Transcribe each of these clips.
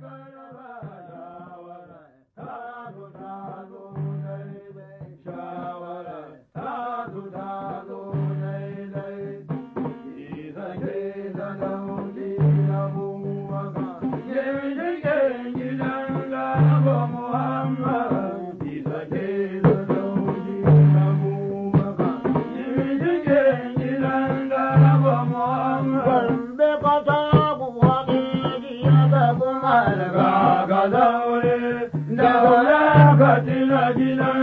Garabai ga zaure da wala ka tila gina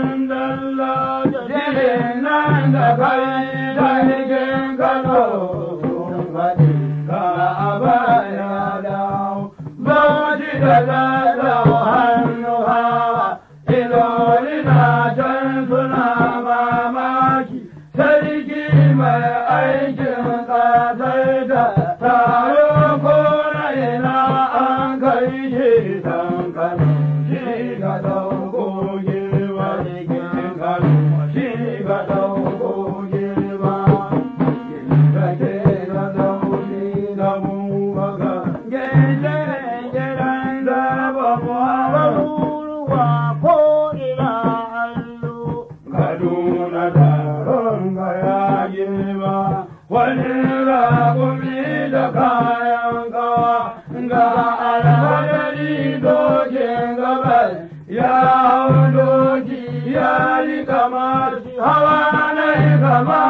Hey, God, oh, doki ya yi kama hawa na yi kama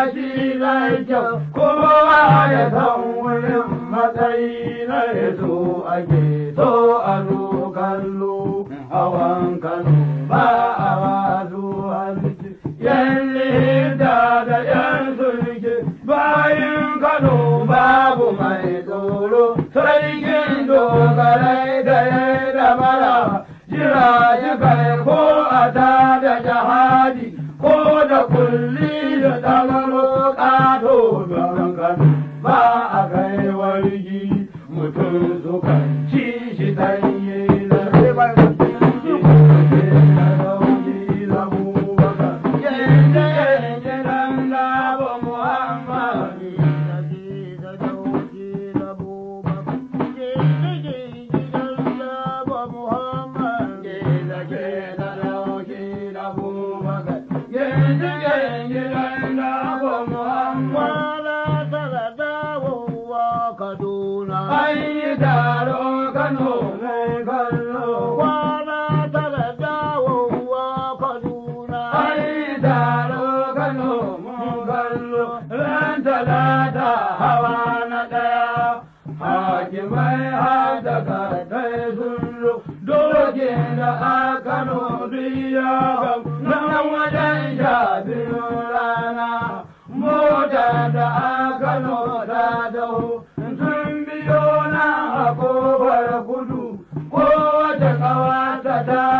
kyau kowa ya san wurin matsayi na yato ake to a kallo hawan kano ba a wazo yan da yan sulke bayan kano babu mai tsoro sarkin dogarai da ya da mara jira kai ko a tada 我可做干。Kano ne kallo. Kwana tara dawowa Kaduna. Ai taro Kano mu kallo. Ran talata hawa na ɗaya. Hakimai har sun Doge da a biya. wajen Radha.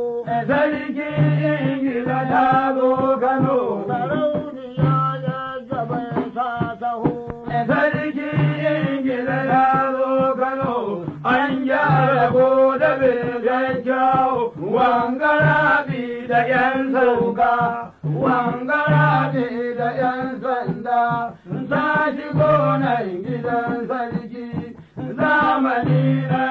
Kano. Sarki Ingila ta zo Kano. Sarauniya ya gaban sa saho. Sarki Ingila ta Kano. An gyara ko da birgar jawo. Wangara da ‘yan sauka. Wangara da ‘yan sanda. Sa shigo na gidan sarki. Zamani na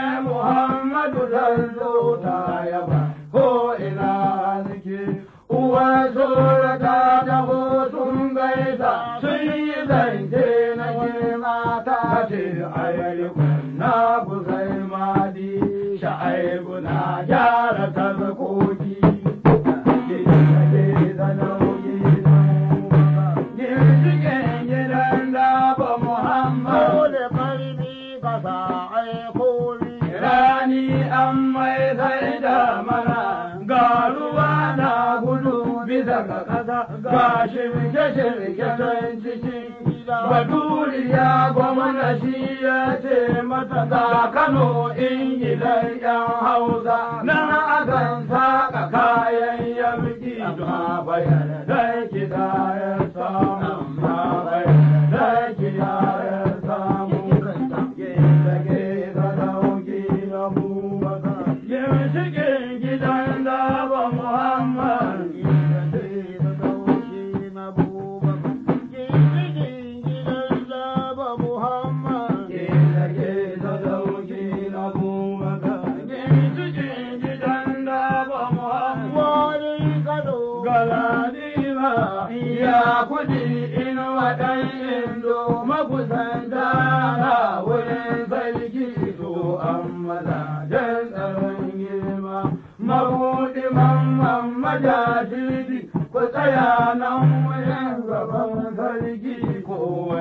Ka ƙasa ga shirke-shirke can cikin gida baturi ya gwamna shi ya ce mata ga kano ingilan yan hausa na akan saka kayan yamki ma bayan da kida inuwa ɗan indo makusanta na wurin sarki to an mazajen tsaron girma mabuɗi mamman majajiri ku tsaya nan wurin gaban sarki kowa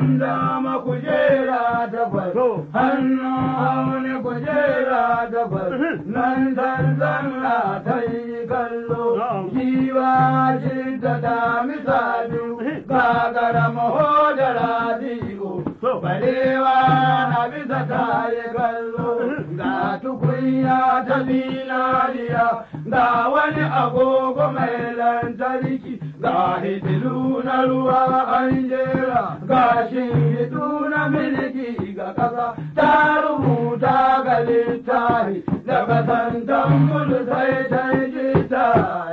hannun dama kujera dabar hannun hauni kujera dabar nan zan a ta yi kallo jiwa shi da dami gagara maho da radiyo balewa na bisa ta yi kallo ga tukunya ta zinariya ga wani agogo mai lantarki ga hitilu na ruwa anjera gashi ga na miliki ga kasa ta rubuta ga littafi daga sandan gudu sai canji ta